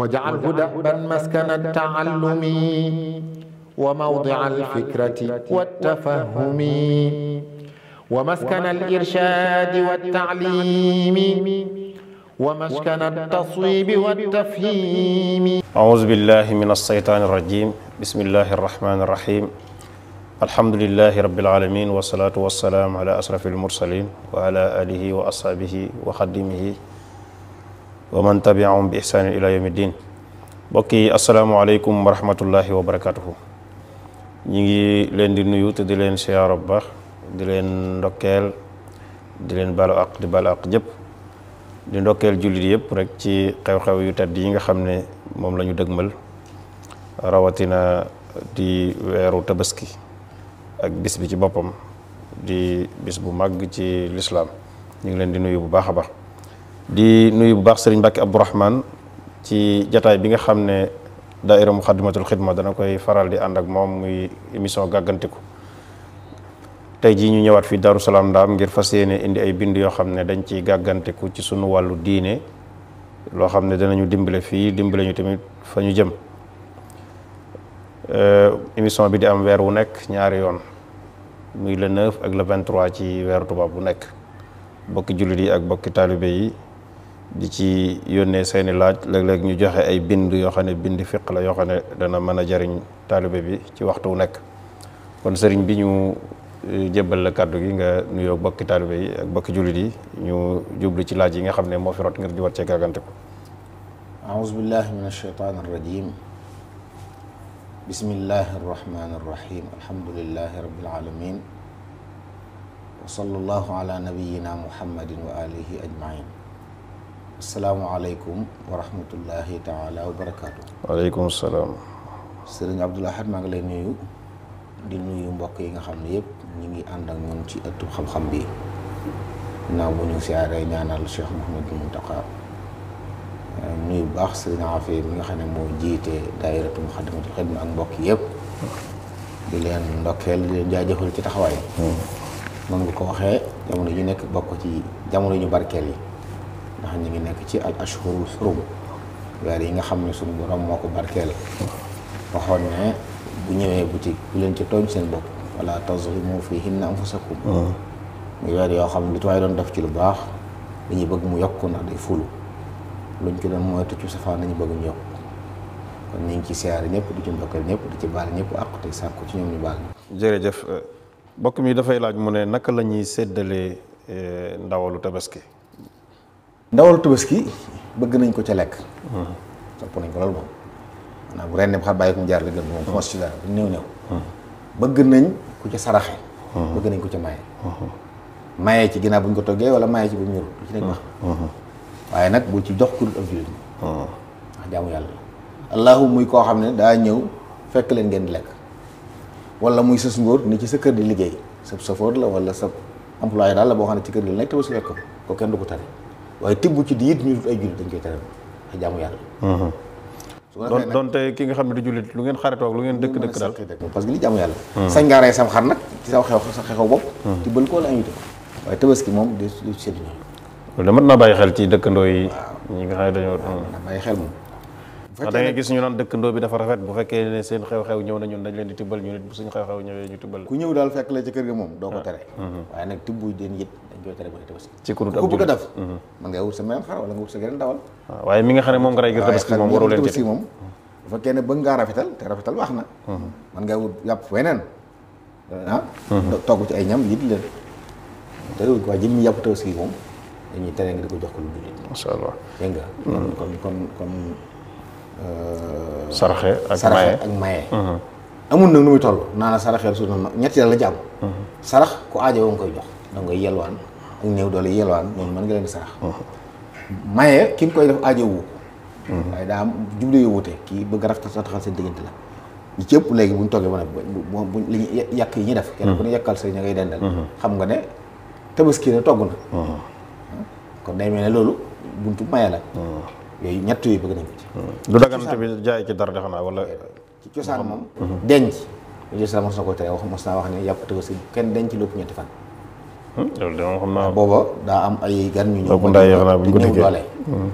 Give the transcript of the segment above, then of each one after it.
واجعله دأبا مسكن التعلم وموضع الفكرة والتفهم ومسكن الإرشاد والتعليم ومسكن التصويب والتفهيم أعوذ بالله من الشيطان الرجيم بسم الله الرحمن الرحيم الحمد لله رب العالمين والصلاة والسلام على أشرف المرسلين وعلى آله وأصحابه وخدمه wa man tabiahum bi ihsaanin ila yawmi din mbokk yi asalaamaaleykum wa rahmatullahi wa barakatuhu ñi ngi leen di nuyu te di leen siyaaro bu baax di leen ndokkeel di leen balu aq di balu aq jëpp di ndokkeel jullit yëpp rek ci xew-xew yu tedd yi nga xam ne moom la ñu dëgmal rawatina di weeru tabaski ak bis bi ci boppam di bis bu màgg ci lislaam ñu ngi leen di nuyu bu baax a baax di nuyu bu baax sëriñ Mbàkke Abdourahman ci jataay bi nga xam ne daaira Muxaddamatul Xidma dana koy faral di ànd ak moom muy émission gàggantiku tey jii ñu ñëwaat fii Daaru Salaam Ndaam ngir fas yéene indi ay bind yoo xam ne dañ ciy gàggantiku ci suñu wàllu diine loo xam ne danañu dimbale fii dimbale ñu tamit fa ñu jëm euh, émission bi di am weer wu nekk ñaari yoon muy le 9 ak le 23 ci weeru tubaab bu nekk bokki jullit yi ak bokki taalibe yi di ci yónnee seeni laaj léeg-léeg ñu joxe ay bind yoo xam ne bind fiq la yoo xam ne dana mën a jariñ taalibe bi ci waxtu wu nekk kon sëriñ bi ñu eh, jébbal la kàddu gi nga nuyoo bokki taalibe yi ak bokki jullit yi ñu jublu ci laaj yi nga xam ne moo fi rot ngir jubat cee gàggante ko aouzu billahi min ashaytaani arrajim bismillahi arrahmani arrahim alhamdulillahi rabbil alamin wa sallallahu ala nabiyyina salaamualeykum wa rahmatullahi taala wa barakaatu. waaleykum salaam. sëriñ Abdoul Ahad maa ngi lay nuyu di nuyu mbokk yi nga xam ne yëpp ñu ngi ànd ak ñun ci ëttu xam-xam bi ginnaaw bu ñu siyaaree ñaanal Cheikh bu baax sëriñ Afe mi nga xam ne moo jiite daayiratu Muxaddamatul Xidma ak mbokk yëpp di leen ndokkeel di leen jaajëfal ci taxawaay. mën hmm. nga ko waxee jamono yu nekk bokk ci jamono ñu barkeel yi. ndax ñu ngi nekk ci al ashhurul xurum weer yi nga xam ne suñu borom moo ko barkeel bu ñëwee bu ci leen ci tooñ seen bopp wala tazlimu fihinna anfusakum ah. muy weer yoo xam lu tuwaay doon def ci lu baax li ñuy bëgg mu yokk ndax day fulu luñ ci doon moytu ci safaan nañu bëgg mu kon ñu ngi ci siyaar ñëpp di ci ndokkal ñëpp di ci baal ñëpp àq te sàkku ci ñoom ñu baal ñi jërëjëf eh, mbokk mi dafay laaj mu ne naka lañuy seddalee séddalee eh, ndawalu tabaski ndawal tabaski bëgg nañ ko ca lekk. sopp nañ ko loolu moom. maanaam bu ren ne bu xam bàyyi ko mu jaar la gën moom foos ci dara néew néew. bëgg nañ ku ca saraxe. bëgg nañ ko ca maye. maye ci ginnaaw bu ñu ko toggee wala maye ci bu ñorul lu ci nekk baax waaye nag bu ci jox ku dul ab jullit ndax jaamu yàlla la allahu muy koo xam ne daa ñëw fekk leen ngeen di lekk wala muy sës ngóor ni ci sa kër di liggéey sa safoor la wala sa employé daal la boo xam ne ci kër gi la nekk te ba su fekk ko kenn du ko tari waaye tibb ci di it ñu ay jullit dañ koy tere ay jaamu yàlla. Mhm. su ko defee doon tey ki nga xam ne du jullit lu ngeen xaritoog lu ngeen dëkk dëkk daal parce que li jaamu yàlla. Mhm. sañ ngaa rey sam xar nag ci sa xew sa xew bopp. Mhm. tibbal ko la invité ko waaye moom du du séddu. loolu mën naa bàyyi xel ci dëkkandoo yi. ñi nga xam ne dañoo. bàyyi xel moom. ndax da ngay gis ñu naan dëkkandoo bi dafa rafet bu fekkee ne seen xew-xew ñëw na ñun dañ leen di tibbal ñu nit bu suñu xew-xew ñëwee ñu tibbal ku ñëw daal fekk la ci kër gi moom doo ko tere waaye nag tibb den yit koy tere mooy tabaski. ci ku bëgg a def mhm. man ngay wut sa même xar wala nga wut sa geneen dawal. waaw ah, waaye mi nga xam ne moom nga rey ngir tabaski moom waru leen ci moom bu fekkee ne bëgg ngaa rafetal te rafetal wax na. Mhm. Mhm. Ah, ko jox ko lu dul. macha allah muy toll naa saraxeel suuf na ñetti la la jàmm. sarax ku aajo woo nga koy jox da ngay yelwaan ak néew doole yelwaan ñooñu mën nga leen sarax maye ki nga koy def aajowoo ko waaye daa am jublu yu wute kii bëgg rafetaxal seen diggante la ñi ëpp léegi bu toogee ba ne bu li yàq yi ñu def kenn ku ne yàkkal sa ña ngay dendal xam nga ne tabaski na togg na kon day mel ne loolu buntu maye la yooyu ñett yooyu bëgg nañ ko ci du dagan tamit jaay wala ci cosaan moom denc lu ci sa mos na ko tere wax mos naa wax ne yàpp tabaski kenn denc lépp ñetti fan loolu de moom xam naa booba daa am ay gan ñu ñëw. ëpp ndaay yéex naa bu ñu ko dikkee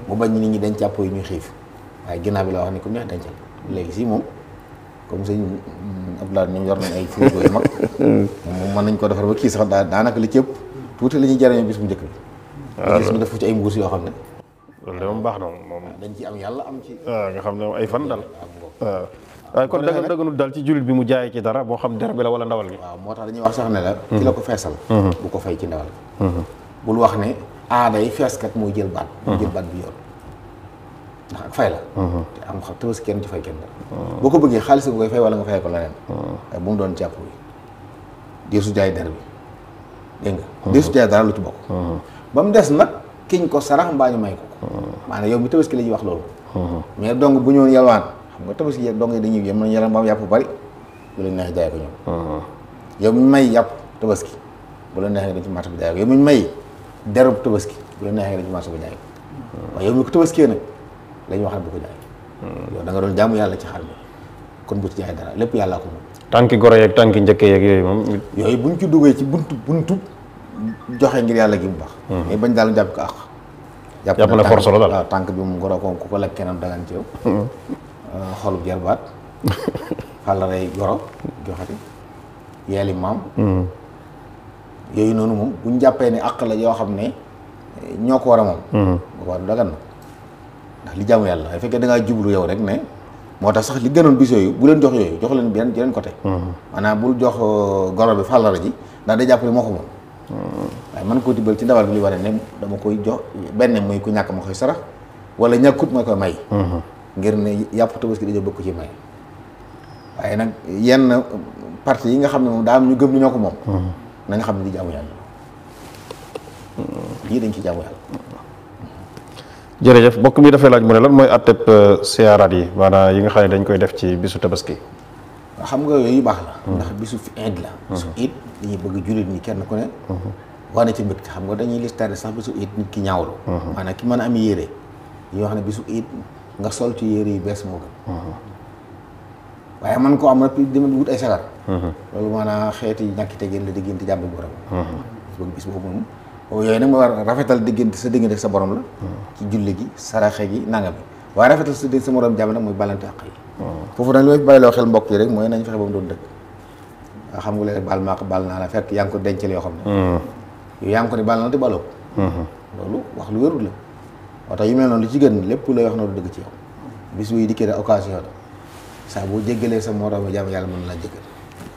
mu bañ nit ñi dañ càpp yi ñu xiif waaye ginnaaw bi la wax ne ku neex dañ càpp léegi si moom comme sëñ Abdoulaye ñoom yor nañ ay frigo yu mag moom mën nañ ko defar ba kii sax daa daanaka li cëpp tuuti la ñuy bis bu njëkk bi. waaw ah, gis ñu def ci ay mbuus yoo xam ne. loolu de moom baax na moom. dañ ci am yàlla am ci. waaw ah, nga xam ne ay fan daal. kon dagan daganul dal ci jullit bi mu jaayee ci dara boo xam der bi la wala ndawal gi waaw moo tax dañuy wax sax ne la ki la ko feesal mhm. bu ko fay ci ndawal mhm. bul wax ne aaday feeskat mooy jël baat mhm. jël baat bi yoon ndax ak fay la te am xam tëbës kenn ci fay kenn boo ko bëggee xaalis bu koy fay wala nga fay ko bu mu doon jàpp bi su jaay der bi dégg nga jaay dara lu ci bokk ba mu des nag kiñ ko sarax mbaa ñu may ko ko maanaam yow mi tëbës ki la ñuy wax loolu mais donc bu ñëwoon yalwaan xam nga tabaski yeeg dong yi dañuy yem nañu yaram ba yàpp bu bari bu leen neexee jaay ko ñoom. Uh-huh. yow mi may yàpp tabaski bu leen neexee dañ ci marché bi jaay ko yow mi ñu may derub tabaski bu leen neexee dañ ci marché bi jaay ko uh-huh. waaye yow mi nag la wax ne bu ko jaay. Uh-huh. yow da nga doon jaamu yàlla ci xar kon bu ci jaay lépp yàlla ko moom. tànki njëkk yeeg yooyu moom. yooyu buñ ci duggee ci buntu buntu joxe ngir yàlla gi bu baax. mais bañ daal jàpp ko àq. jàpp na force la daal jàpp tànk bi moom goro ko ku ko lekk keneen dangan Euh, xolu jarbaat fàlla rey goro joxati yeeli maam hmm. yooyu noonu moom buñ jàppee ne àq la yoo xam ne eh, ñoo ko war a moom hmm. boobaa du dagan na ndax li jaamu yàlla ay fekkee da ngaa jublu yow rek ne moo tax sax li gënoon bis yu bu leen jox yooyu jox leen beneen beneen côté hmm. maanaam bul jox euh, goro bi fàllara ji ndax day jàpp ne moo ko moom waaye man koo tibbal ci ndawal bi li war ne dama koy jox benn muy ku ñàkk ma koy sarax wala ñàkkut ma koy may ngir ne yàpp tabaski dañoo bokk ci may waaye nag yenn parti yi nga xam ne moom daa am ñu gëm ni ñoo ko moom hmm. na nga xam ne di jaamu yàlla dañ ci jaamu jërëjëf mbokk mi dafay laaj mu lan mooy atteb euh, siyaaraat yi maanaam yi nga xam ne dañ koy def ci bisu tabaski xam nga yooyu baax la hmm. ndax bisu fi iid la hmm. su iid dañuy bëgg jullit ñi kenn ku ne ne ci mbégte xam nga dañuy listaare sax bisu iid nit ki ñaawlu maanaam ki mën a am yére dañuy wax ne bisu iid nga sol ci yére yi bees moo gën. Uh-huh. waaye man koo am rek dama wut ay sagar. Uh-huh. loolu maanaam xeeti ñàkk tegeen la diggante jàmm borom. bëgg uh-huh. bis boobu moom yooyu nag ma war rafetal diggante sa diggante sa borom la. ci julli gi saraxe gi nangam bi waaye rafetal sa diggante sa morom jàmm nag mooy balante àq yi. foofu nag li may bàyyiloo mbokk yi rek mooy nañ fexe ba doon dëkk. nga xam nga léegi baal naa la fekk yaa ngi ko dencal yoo xam ne. yow yaa ngi loolu wax lu wérul la. moo tax yu mel noonu lu ci gën lépp lay wax noonu dëgg ci yow bis buy dikkee da occasion la saa boo jéggalee sa moroom jaam yàlla mën laa jéggal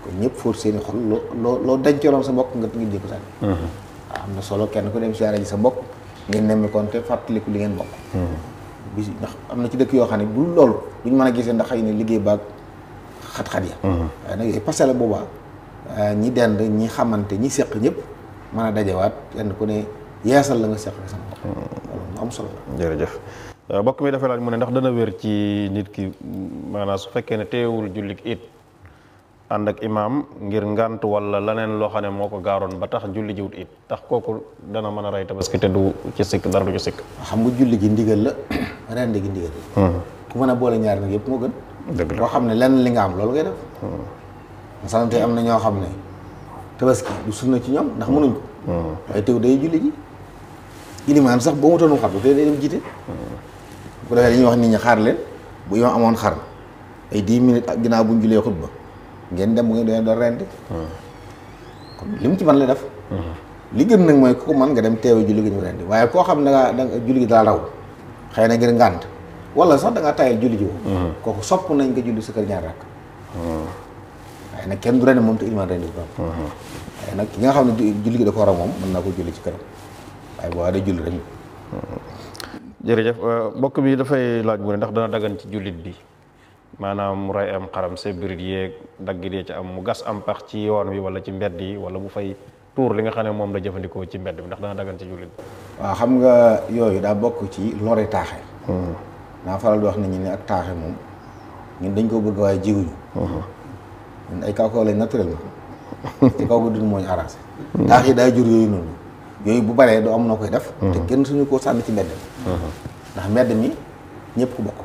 kon ñëpp fóot seeni xol loo loo loo dancoloon sa mbokk nga ngir jëkku sànni mhm. na solo kenn ku dem siyaare ji sa mbokk ngir nemmi te fàttaliku li ngeen bokk mhm. bis na ci dëkk yoo xam ne bu loolu duñ mën a gisee ndax xëy na liggéey baag xat-xat ya mhm. waaye nag yooyu parce que boobaa euh, ñi dend ñi xamante ñi seq ñëpp mën a dajawaat kenn ko ne yeesal la nga seq sama mbokk am solo la. jërëjëf euh, mbokk mi defee laaj mu ne ndax dana wér ci nit ki maanaam su fekkee ne teewul jullit it ànd ak imaam ngir ngant wala leneen loo xam ne moo ko gaaroon ba tax julli jiwut it ndax kooku dana mën a rey tabaski te du ci sikk dara du ci sikk. xam nga julli ji ndigal la ren di gi ndigal. Hmm. ku mën a boole ñaar nag yëpp moo gën. dëgg la xam ne lenn li nga am loolu ngay def. Hmm. masalan tey am na ñoo xam ne tabaski du sunna ci ñoom ndax mënuñ ilimaan sax boobu mutoonum xar bu tey day bu ko wax nit ñi xaar leen bu yoon amoon xar ay dix minutes ak ginnaaw buñ ñu julee xutba ngeen dem bu ngeen doon doon rendi kon li mu ci man la def li gën nag mooy ku ko man nga dem teewe julli gi ñu rendi waaye koo xam ne da julli gi daa raw xëy na ngir ngànt wala sax danga ngaa tayal julli ji ko kooku sopp nañ nga julli sa kër ñaar rakk waaye nag kenn du rendi moom te ilimaan rendi ko waaye nag ki nga xam ne julli gi da ko war a moom mën naa ko julli ci këram waaye boo waree julli rek. jërëjëf euh, mbokk bi dafay laaj mu ne ndax dana dagan ci jullit bi maanaam mu rey am xaram sa birit yeeg dee ci am mu gas am pax ci yoon wi wala ci mbedd yi wala bu fay tuur li nga xam ne moom la jëfandikoo ci mbedd bi ndax dana dagan ci jullit bi. waaw xam nga yooyu daa bokk ci lore taaxe. Hmm. naa faral di wax nit ñi ne ak taaxe moom ñun dañ ko bëgg waaye jiwuñu. Hmm. ñun ay kaw kaw dund moo ñu taax yi daay jur yooyu noonu. yooyu bu baree doo am noo koy def. te kenn suñu ko sànni ci mbedd mi. ndax mbedd mi ñëpp ko bokk.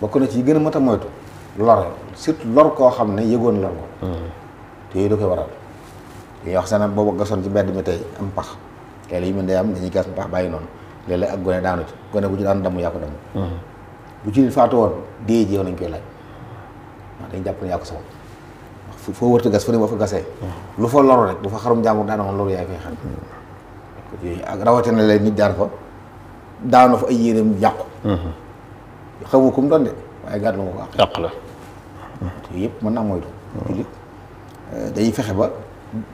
bokk na ci yi gën a mata a moytu lor surtout lor koo xam ne yëgoon lor ko. te yooyu da koy waral li wax sana boobu gasoon ci mbedd mi tey am pax tey la yu mel am dañuy gas pax bàyyi noonu léeg-léeg ak gone daanu gone bu ci daan damm yaa ko damm. bu ci faatu nañ koy laaj wax dañ jàpp ne yaa ko sa foo wërta gas fu ne boo fa gasee hmm. lu fa loru rek bu fa xarum jàmbur daanoon loru yaay fay xam leen nit jaar fa fa ay yéreem yàqu hmm. xamu kum doon de waaye gàddu ma ko àq la yooyu yëpp mën naa moytu hmm. eh, fexe ba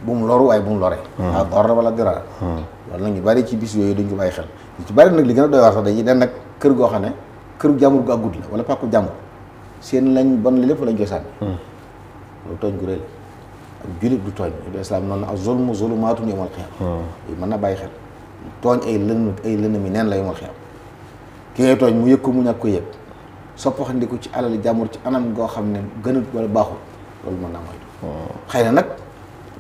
bu mu loru waaye bu mu lore waaw dor wala diraar loolu nag ñu bari ci bis yooyu dañ ko bàyyi xel ñu ci bari nag li gën a doy waar dañuy den nag kër goo xam ne kër jàmbur gu guddi la wala pàkku jàmbur seen lañ bon li lépp lañ koy loolu tooñ gu rëy la ak jullit du tooñ du islam noonu ak zulmu zulumaatun yawmal qiyaama hmm. mën na bàyyi xel tooñ ay lën ay lëndëm yi neen la yawmal qiyaama ki ngay tooñ mu yëg ko mu ñàkk ko yëg soppaxandiku ci alal jàmbur ci anam goo xam ne gënut wala baaxul loolu mën naa moytu hmm. xëy na nag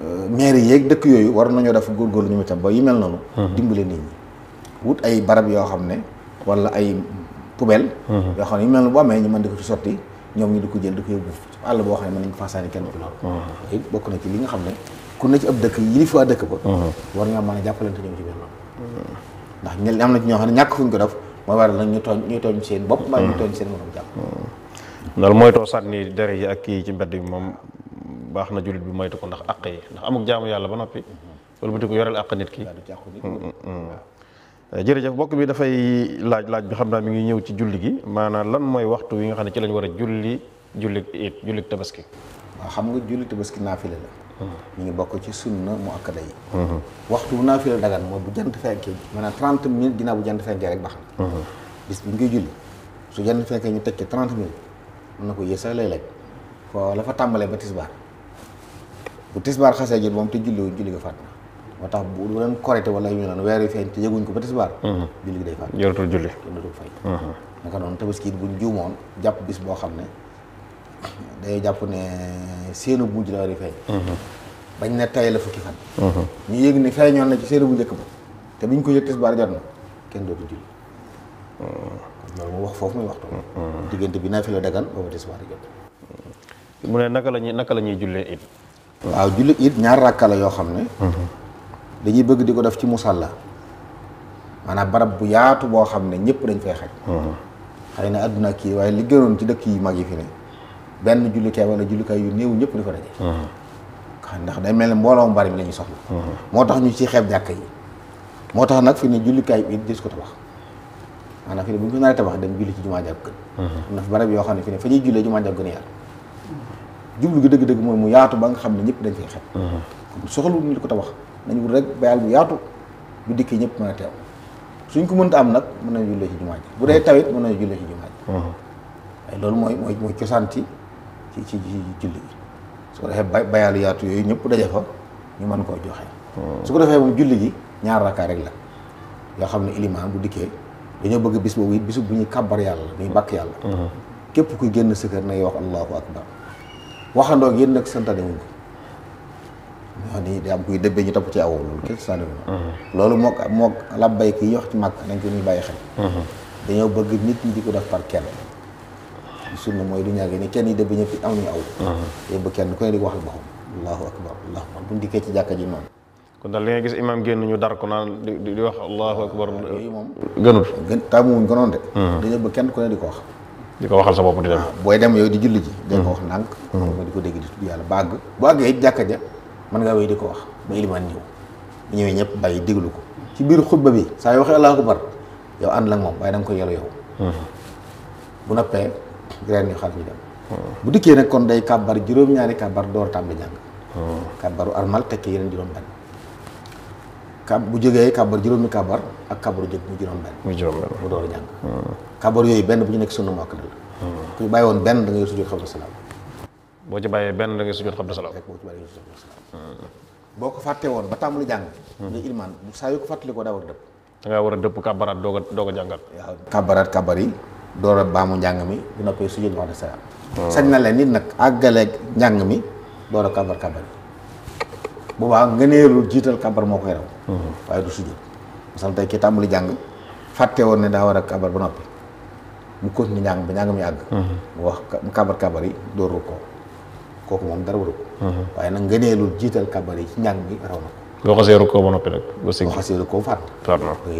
euh, maire yeeg dëkk yooyu war nañoo def góorgóorlu ñu itam ba yi mel noonu hmm. dimbale nit ñi wut ay barab yoo xam ne wala ay poubelle yoo xam ne yu mel noonu bu amee ñu mën di ko ci sotti àll boo xam ne mën nañ faa sànni ah. bokk na ci li nga xam ne ku ne ci ab dëkk yi li fa dëkk ba ah. war a jàppalante ñoom ci biir ndax ñel am na ñoo xam ne ñàkk fuñ ko def mooy waral ñu tooñ ñu tooñ seen bopp mbaa ñu ah. tooñ seen loolu mooy too sànni dere yi ak kii ci mbedd yi moom baax na jullit bi mooy ko ndax àq yi ndax amuk jaamu yàlla ba noppi wala mm-hmm. bu ko yoreel àq nit ki jërëjëf mbokk bi dafay laaj laaj bi xam naa mi ngi ñëw ci julli gi maanaam lan mooy waxtu wi nga xam ne ci lañu war a julli jullit it tabaski. waa xam nga jullit tabaski naafile la. Hmm. ñu ngi bokk ci sunna mu akkada yi. Hmm. waxtu bu naafile dagan mooy bu jant fenkee maanaam trente minutes ginnaaw bu jant fenkee rek baax na. Hmm. bis bi su jant fenkee ñu teg ci trente minutes na ko yéesal lay lekk foo la fa ba tisbaar bu tisbaar xasee jot moom te julliwuñ julli nga fàtt na moo bu leen korité ñu naan weer yu ko ba tisbaar julli gi day fàtt yoratul julli yoratul jàpp bis boo xam ne day jàpp ne seenu mujj la war a feeñ mhm. bañ na tay la fukki fan mhm. ñu yëg ni feeñoon na ci seenu bu njëkk ba te biñ ko yëg tisbaar jot na kenn dootu julli mhm. wax foofu muy waxtu diggante bi naa fi la dagan mu ne naka la ñuy naka la ñuy jullee it waaw julli it ñaar ràkka la yoo xam ne dañuy bëgg di ko def ci la maanaam barab bu yaatu boo xam ne ñëpp dañ fay xaj xëy na àdduna kii waaye li gënoon ci dëkk yi mag yi fi ne benn jullikaay wala jullikaay yu néew ñëpp dafa daje. Uh-huh. ndax day mel ne mbooloo mu bari mi la ñuy soxla. Uh-huh. moo tax ñu si xeeb jàkk yi. moo tax nag fi ne jullikaay bi it des ko tabax maanaam fi ne bu ñu ko naree tabax uh-huh. am ne fi ne fa ñuy jullee jumaa jàpp gën a yaatu. gi dëgg-dëgg mu yaatu ba nga xam ne ñëpp dañ fay xeeb. kon soxlu ñu ko tabax nañu wut bu yaatu bu dikkee ñëpp mën a teew suñ ko mënta am nag mën bu dee tawit mën nañu jullee ci jumaa waaye loolu mooy mooy mooy ci ci julli gi su ko defee bayaalu yaatu yooyu ñëpp daje fa ñu man koo joxe. Hmm. su ko defee moom julli gi ñaar rakkaa rek la yoo xam ne ilimaan bu dikkee dañoo bëgg bis boobu it bisu bu ñuy kàbbar yàlla bu ñuy bàkk yàlla. Hmm. képp kuy génn sa kër nay wax allahu akbar waxandoo yéen ak santaane wuñ ko ñoo ni daa am kuy dëbbee ñu topp ci aw loolu kenn santaane wuñ hmm. loolu mook mook labbayk yi wax ci màkk nañ ko ñuy bàyyi xel. dañoo bëgg nit ñi di ko def sunna mooy du ñaage ni kenn yi dëbb ñëpp am ñu aw uh-huh. yóbbu kenn ku ne di waxal boppam allahu akbar allahu akbar buñ dikkee ci jàkka ji noonu kon daal li nga gis imaam génn ñu dara ko naan di di wax allahu akbar moom gënul gën taamuwuñ ko noonu de uh-huh. dañu kenn ku ne ko wax di ko waxal sa bopp di dem booy dem yooyu di julli ji dañ ko uh-huh. wax ndànk ma di ko dégg di tudd yàlla ba àgg bu àggee jàkka ja mën ngaa wéy di ko wax ba ilimaan ñëw bu ñëwee ñëpp bàyyi déglu ko ci biir xutba bi saa yoo waxee allahu akbar yow ànd la ak moom waaye da nga koy reen yu xar ñu dem bu dikkee nag kon day kàbbar juróom-ñaari kàbbar door tàmbali jàng kàbbaru armal tekki yeneen juróom benn kab bu jógee kàbbar juróomi kàbbar ak kàbbaru jóg mu juróom benn mu door hmm. yooyu benn bu ñu nekk sunna mokk dal hmm. woon benn da sujjóot xabla salaam boo ci bàyyee benn da ngay sujjóot xabla salaam boo ci hmm. boo ko fàtte woon ba tàmbali jàng nga ilmaan saa yu ko fàttalikoo daa war a dëpp da ngaa war a dëpp kàbbaraat doog jàngal waaw kàbbaraat yi door a baamu njàng mi bu noppee sujud wax de salaam hmm. sañ na leen nit nag àggale njàng mi door a kabar kabar bu baax ngëneelul jiital kabar moo koy raw hmm. waaye du sujud tàmbali jàng fàtte woon ne daa war a kabar ba noppi mu continue njàng ba mi àgg hmm. mu wax mu kabar kabar yi door rukkoo kooku moom dara waru ko waaye nag ngëneelul jiital kabar yi ci njàng mi raw na ko boo xasee rukkoo ba noppi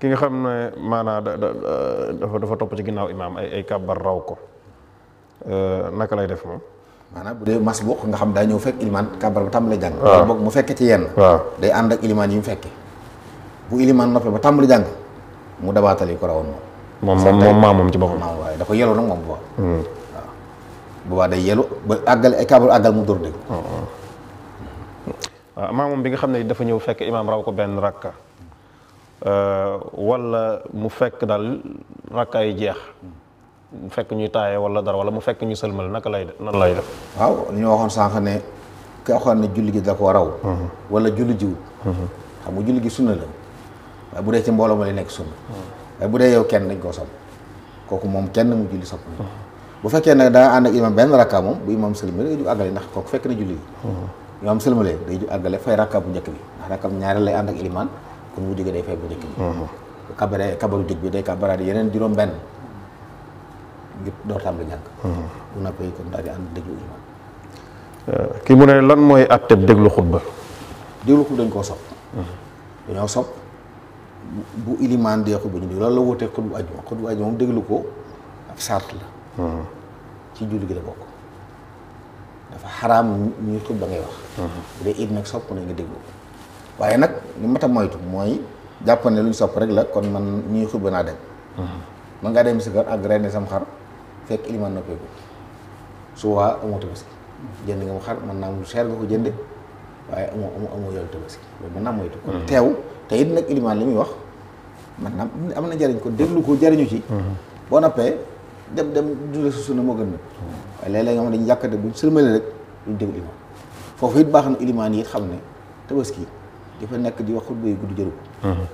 ki nga xam ne maanaa da dafa dafa topp ci ginnaaw imaam ay ay raw ko euh, naka lay def moom. maanaam bu dee mas bokk nga xam daa ñëw fekk ilimaan kàbbar ba tàmbali jàng. waaw boog fekkee ci yenn. day ànd ak ilimaan yi mu fekkee. bu ilimaan noppee ba tàmbali jàng mu dabaatali ko rawoon moom. moom moom moom ci boppam. waaw waaye dafa yelu nag moom bu baax. Hmm. waaw boobaa ba àggal ay mu dóor dégg. Hmm. Ah, moom bi nga xam ne dafa ñëw fekk imaam raw ko benn rakka. Euh, wala mu fekk daal rakka yi jeex mu fekk ñuy taaye wala dara wala mu fekk ñu sëlmal naka lay def nan lay def waaw li waxoon sànq ne ki waxoon ne da ko raw mhm. wala julli jiwut mhm. xam nga julli gi sunna la waaye bu dee ci ma lay nekk sunna mhm. waaye kenn dañ koo sopp kooku moom kenn mu julli sopp bu fekkee nag daa ànd ak imam benn rakka moom bu imam sëlmal day ndax kooku fekk na julli gi imam sëlmalee day ju àggale fay rakka bu njëkk bi ndax rakka bu ñaari lay ànd ak ilimaan kon bu jógee day fay bu njëkk bi kabare mhm. kabaru jëkk bi day kabaraat yeneen juróom benn ngir door tàmbali jàng bu noppee kon daal di ànd déglu imaam euh, ki mu ne lan mooy àtteb déglu xutba déglu xutba dañ koo sopp mhm. dañoo sopp bu ilimaan dee xutba ñu loolu la wutee xutbu ajuma xutbu ajuma moom déglu ko ab sart la mhm. ci julli gi la bokk dafa xaraam ñuy xutba ngay wax bu dee it nag sopp na nga déglu ko waaye nag li mat a moytu mooy jàpp ne lu ñu sopp rek la kon man ñuy xubba naa dem man mhm. ngaa dem si kër ak rendi sam xar fekk iliman na pegu suwaa amoo tabaski mhm. jënd nga naa am lu cher waaye amoo amoo amoo yoolu tabaski loolu mhm. te it nag iliman li muy wax man am na jariñ ko déglu ko jariñu ci boo noppee dem dem dundal su sunna moo gën nag waaye léeg-léeg nga xam dañu yàkkate buñ sërmale rek duñ déglu iliman foofu it baax na iliman yi it xam ne tabaski dafa nekk di wax xutba yu gudd jëru ko mhm.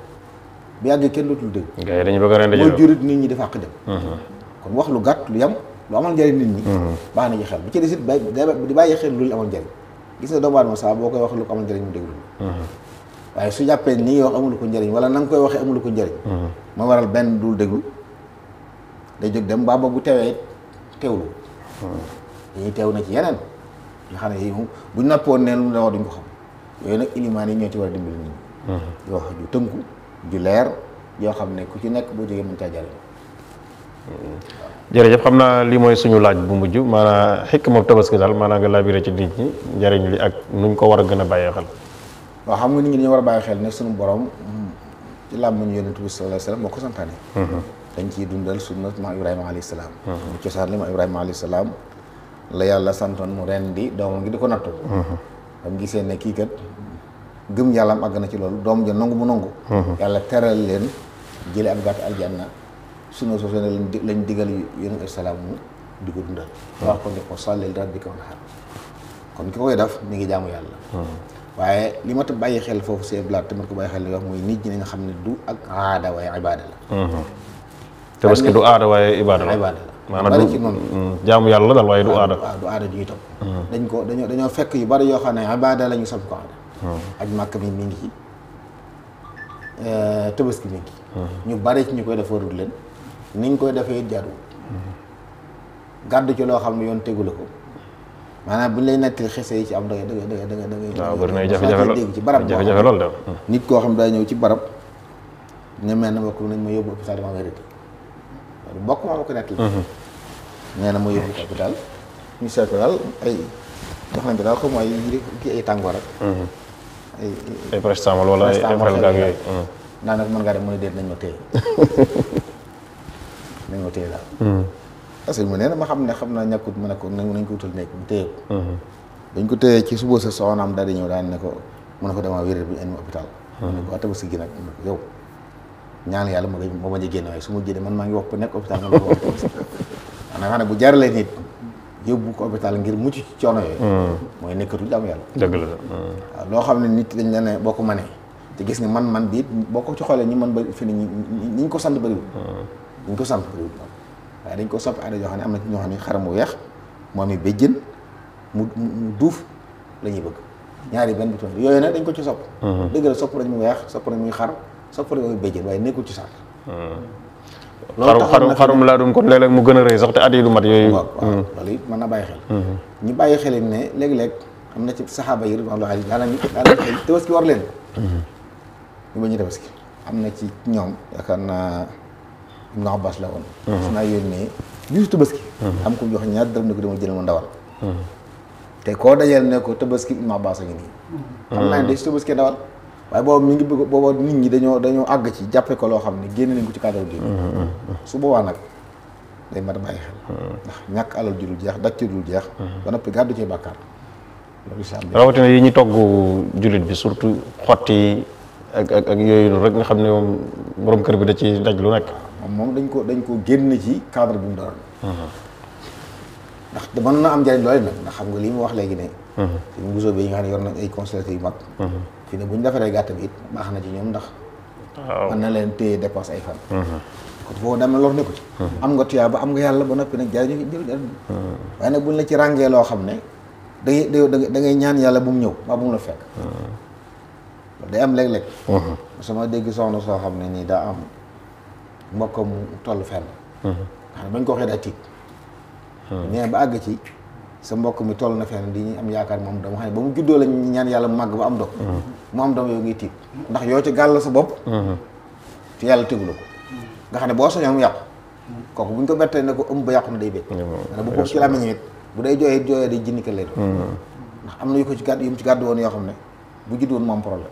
bu yàggee kenn dootul dégg gars yi dañu bëgg ren mooy jurit nit ñi dafa àq dem mhm. kon wax lu gàtt lu yam lu amal njëriñ nit ñi mhm. baax nañu xel bu ci desit di bàyyi xel lu amal njëriñ gis nga doomu aadama saa boo koy wax lu ko amal njëriñ mu déglu waaye su jàppee ni ngay wax amul ko njëriñ wala na koy waxee amul ko njëriñ moo waral benn dul déglu day jóg dem baa bu tewee teewlu dañuy teew na ci yeneen yoo xam ne buñ nappoon neen ne wax duñ ko xam yooyu nag ilimaan yi ñoo ci war a dimbali nit mm-hmm. yoo xam ne ku ci nekk boo jógee mën caa jàll mm-hmm. jërëjëf xam naa lii mooy suñu laaj bu mujj maanaam xikma tabaski daal maanaam nga ci nit ñi njëriñ li ak nuñ ko war a gën a bàyyee xel waaw xam nga nit ñi dañu war a bàyyi xel ne suñu borom ci làmmiñu yonent bi sallallahu alayhi wasallam moo ko santaane mm-hmm. dañ ciy dundal sunna ma ibrahima alayhi salaam cosaan li ma ibrahima alayhi salaam la yàlla santoon mu ren di doomam gi di ko nattu ba mu gisee ne kii kat gëm yàlla am àgg na ci loolu doom ja nangu mu nangu. Mhm. yàlla teral leen jëlee ab gàtt aljanna sunu soosu ne lañ digal yéen a salaam mu di ko dundal. Mhm. wax ko ne ko sàllil rabbika wanhar kon ki koy def mi ngi jaamu yàlla. Mhm. waaye li ma ta bàyyi xel foofu see blaat tamit ko bàyyi xel li wax muy nit ñi nga xam ne du ak aada waaye ibaada la. te parce du aada waaye ibaada la. maanaam ci noonu mm, jaamu yàlla daal waaye du aada waaw du aada du tam mm. dañ ko dañoo dañoo fekk yu bari yoo xam ne ibaada la ñu soppi ko aada mm. ak màkk mi mi ngi ci eh, tabaski mi ngi ñu bari ci ñu koy def warul leen ni koy defee it jaadu gàddu loo xam ne yoon tegula ko maanaam bu ñu lay nettali xese ci am da da ngay da ngay da ngay. waaw bëri na ci barab jafe-jafe lool nit koo xam day ñëw ci barab ne mel na mbokk nañ ma yóbbu hôpital ma ngay lu mbokk moo ma ko nettali mhm. nee na mu yóbbu ko hôpital seet ko daal ay jox nañ kii ay tàngoor ak mhm. ay ay paracetamol wala ay frel gaag yooyu mhm. naa nag mën nañ ma téye nañ ma téye daal parce que mu nee na ma xam ne xam na ñàkkut mu ne ko nañ ko wutal nekk mu téye ko dañ ko téye ci suba sa soxnaam daal di ñëw daal ne ko mu ne ko damaa wérér bi indi ma hôpital mu ne ko ataba si nag yow ñaan yàlla ma ma bañ a génn waaye su ma génne ngi wopp nekk ko xanaa xam ne bu jaralee nit ko hôpital ngir mucc ci coono yooyu hmm. mooy nekkatul jàmm yàlla dëgg la hmm. loo xam ne nit dañ la boo ko manee te gis nga man man bi boo ko ci xoolee ñu man ba fi ni ñu ko sant bëriwul hmm. ñu ko sant dañ ko soppi aada yoo xam ne am na ci ñoo xam ne xaram mu weex moom i béjjën mu duuf lañuy bëgg ñaari benn bu yooyu nag dañ ko ci sopp dëgg la sopp nañ mu weex sopp nañ muy xar chaque fois da nga béjjén waaye nekkul ci saak. Hmm. loo taxaw na xarum laadum kon léeg-léeg mu gën a rëy sax te at yi du mat yooyu. waaw waaw hmm. loolu it mën na bàyyi xel. Hmm. ñu bàyyi xel ne léeg-léeg am na ci saxaaba yi maanaam daal daal xel tabaski war leen. ñu bañ a am na ci ñoom yaakaar naa Ibn Abbas la woon. su naa yónnee bisu tabaski. am ko jox ñaar dërëm ne ko dama jël ma ndawal. te koo dajeel ne ko tabaski Ibn a ngi nii. xam naa ne day si ndawal. waaye boobu mi ngi bëgg booba nit ñi dañoo dañoo àgg ci jàppe ko loo xam ne génn nañ ko ci cadre bi mm-hmm, mm-hmm, mm-hmm. su boobaa nag day mat a ñàkk alal ju dul jeex daj ci jeex ba noppi gàddu cee bàkkaar loolu rawatina yi ñu togg jullit bi surtout xotti yi ak ak ak yooyu rek nga xam ne moom borom kër bi da ci daj lu nekk moom dañ ko dañ ko génn ci cadre bi mu doon ndax mën na am njëriñ loole nag ndax xam nga lii mu wax léegi ne mhm. suñu buso bi yi nga xam ne yoon nañ ay consulté yu mag mhm. fi ne bu ñu defaree gàtt it baax na ci ñoom ndax na leen téye dépense ay fan mhm. kon foofu dama lor nga tuyaa ba am nga yàlla ba noppi nag jariñu ngi jël waaye nag la ci ràngee loo xam ne dangay da ngay ñaan yàlla bu mu ñëw maa bu mu la fekk day am léeg-léeg suma dégg soxna soo xam ne nii daa am mbokk mu toll fenn ndax bañ ko waxee tiit ñee hmm. ba àgg ci sa mbokk mi toll na fenn di ñu am yaakaar moom dama xam ne ba mu juddoo la ñaan yàlla mu màgg ba am doom hmm. mu am doom yow ngi tiit yoo ci gàll sa bopp hmm. te yàlla tegula ko nga xam boo soñoon mu yàqu kooku bu ko bettee ne ko ëmb ba yàqu na day béy ne bu ko bu day jooyee jooyee day jinnika lay doon am na yu ko ci gàdd yu mu ci gàddu woon yoo xam ne bu judd woon mu am problème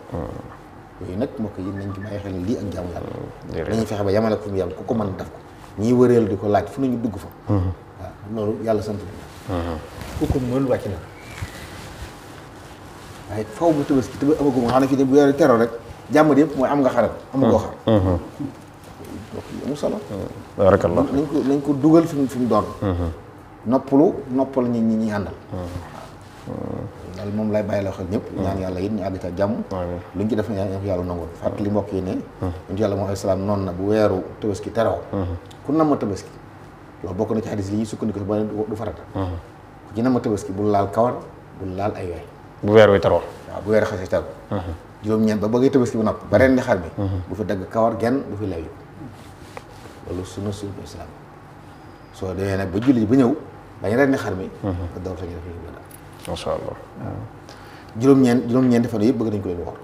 yooyu nag mbokk yi nañ ci bàyyi xel lii ak jaamu yàlla dañuy fexe ba yamale ko fi yàlla ku ko mën def ko ñiy wëreel di ko laaj fu ñu dugg fa waaw loolu yàlla sant uh-huh. na. waaye faw bu tabaski te ba amagu ma xanaa fii de bu yore teroo rek jàmm yëpp mooy am nga xaral. amagoo xar. donc uh-huh. uh-huh. amul solo. barakallah nañ ko nañ ko dugal fi mu doon. noppalu noppal ñi ñi ñi àndal. moom lay bàyyi la xel ñëpp ñaan yàlla it ñu àgg jàmm luñ ci def na ñaan yàlla nangul li mbokk yi ne ñun yàlla moo ay salaam noonu na bu weeru tabaski teroo ku nam ma tabaski loolu bokk na ci xadis yi sukkandiku ba du farata uh-huh. ku ci na bu tabaski bul laal kawar bul laal ay weer bu weer wi taroo waaw bu weer xasee taroo uh-huh. juróom-ñeent ba bëggee bu nopp ba ren di xar mi uh-huh. bu fi dagg kawar genn bu fi lew yi soo demee nag ba julli ba ñëw dañu ren di xar mi nga door sañu def lu bëgg masha allah juróom-ñeent juróom-ñeenti fan yëpp bëgg nañ ko leen woor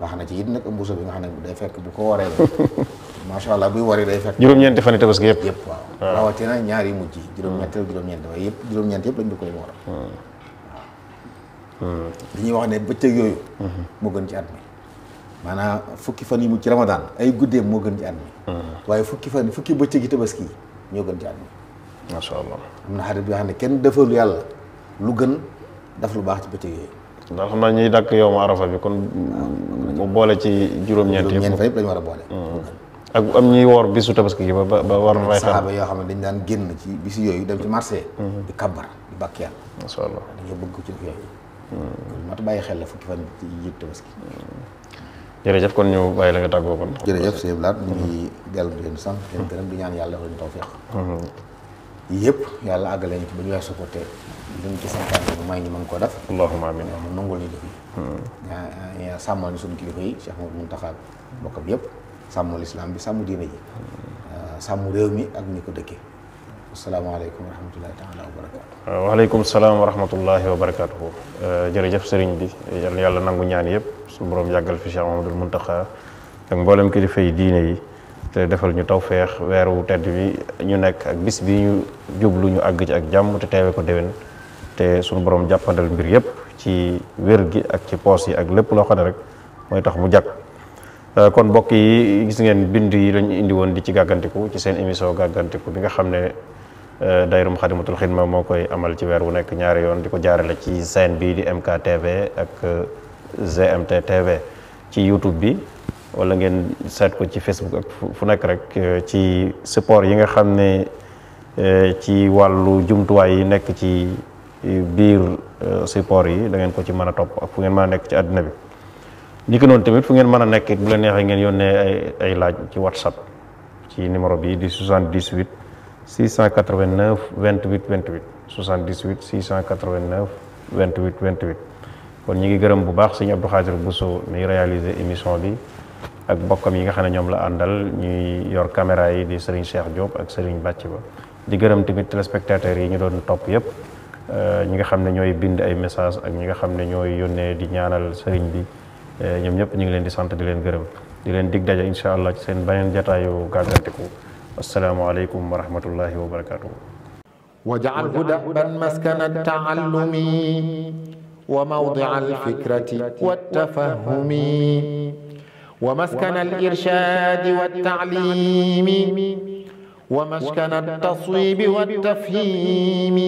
baax na ci it nag mbuuso bi nga xam ne day fekk bu ko waree macha allah buy wari day fekk. juróom-ñeenti fan yi tabaski yëpp. yëpp waaw rawatina ñaar yi mujj. juróom-ñetteel juróom-ñeent waaye yëpp juróom-ñeent yëpp lañ du koy war. waaw. Hmm. Hmm. li ñuy wax ne bëccëg yooyu. Hmm. moo gën fukki fan yi mujj ci ramadaan ay guddeem moo gën ci waaye fukki fan fukki bëccëg yi tabaski ñoo gën ci at mi. macha allah am na xarit bi nga xam lu gën daf lu baax ci bëccëg ndax xam naa ñuy dàkk yow ma arafa bi kon. Ah, boole ci juróom-ñeent yëpp juróom-ñeent yëpp war a boole. ak am ñuy woor bisu tabaski ba ba war a. rey saxaaba yoo xam ne dañ daan génn ci bisu yooyu dem ci marché. Mhm. di kabbar di bàkk yàlla. macha allah bëgg ko ci mhm. mat bàyyi xel la fukki fan ci jiit tabaski. Mhm. jërëjëf kon ñu bàyyi la nga tàggoo kon. jërëjëf sëñ Blaat ñu ngi gàllam di leen ñaan yàlla dafa ñu tawfeex. yëpp yàlla àggale ñu ci ba ñu weesu ko te li ñu def. allahumma amiin mu nangul suñu kilifa yi Cheikh Mouhamadou Mountakha bokkam yëpp sàmm bi sàmm diine ji euh, sàmm réew mi ak ñi ko dëkkee asalaamaaleykum wa rahmatullahi taala wa barakaatu euh, waaleykum salaam wa rahmatullahi wa barakaatu euh, jërëjëf sëriñ bi yàlla yàlla nangu ñaan yëpp su boroom jàggal fi Cheikh Mamadul Muntaxa ak mboolem kilifa yi diine yi te defal ñu tawféex weer wu tedd bi ñu nekk ak bis bi ñu jublu ñu àgg ci ak jàmm te teewe ko déwén te suñu borom jàppandal mbir yëpp ci wér gi ak ci poos yi ak lépp loo rek mooy tax mu jàkk Euh, kon mbokk yi gis ngeen bind yi lañu indi woon di ci gàggantiku ci seen émission gàggantiku bi nga xam ne euh, dayrum xadimatul xidma moo koy amal ci weer bu nekk ñaari yoon di ko jaarale ci chaîne bi di MKTV ak euh, GMT TV ci YouTube bi wala ngeen seet ko ci Facebook ak fu nekk rek ci support yi nga xam ne ci wàllu jumtuwaay yi nekk ci biir support yi da ngeen ko ci mën a topp ak fu ngeen mën nekk ci àddina bi ni ko noonu tamit fu ngeen mën a nekk bu leen neexee ngeen yónnee ay ay laaj ci whatsapp ci numéro bii di 78 689 28 28 78 689 28 28 kon ñu ngi gërëm bu baax sëñ Abdou Khadir Bousso mi réaliser émission bi ak bokkam yi nga xam ne ñoom la àndal ñuy yor caméra yi di Serigne Cheikh Diop ak Serigne Bàcc ba di gërëm tamit téléspectateurs yi ñu doon topp yëpp euh, ñi nga xam ne ñooy bind ay message ak ñi nga xam ne ñooy yónnee di ñaanal Serigne bi Eh, ñoom ñëpp ñu ngi leen di sant di leen gërëm di leen dig daje incha allah ci seen beneen jataayu gàggantiku asalaamaaleykum wa rahmatullahi wa barakaatu. waj'al Huda'ban maskana ta'allumi wa mawdi'a al-fikrati wat-tafahhumi wa maskana al-irshadi wat-ta'limi wa maskana at-taswibi wat-tafhimi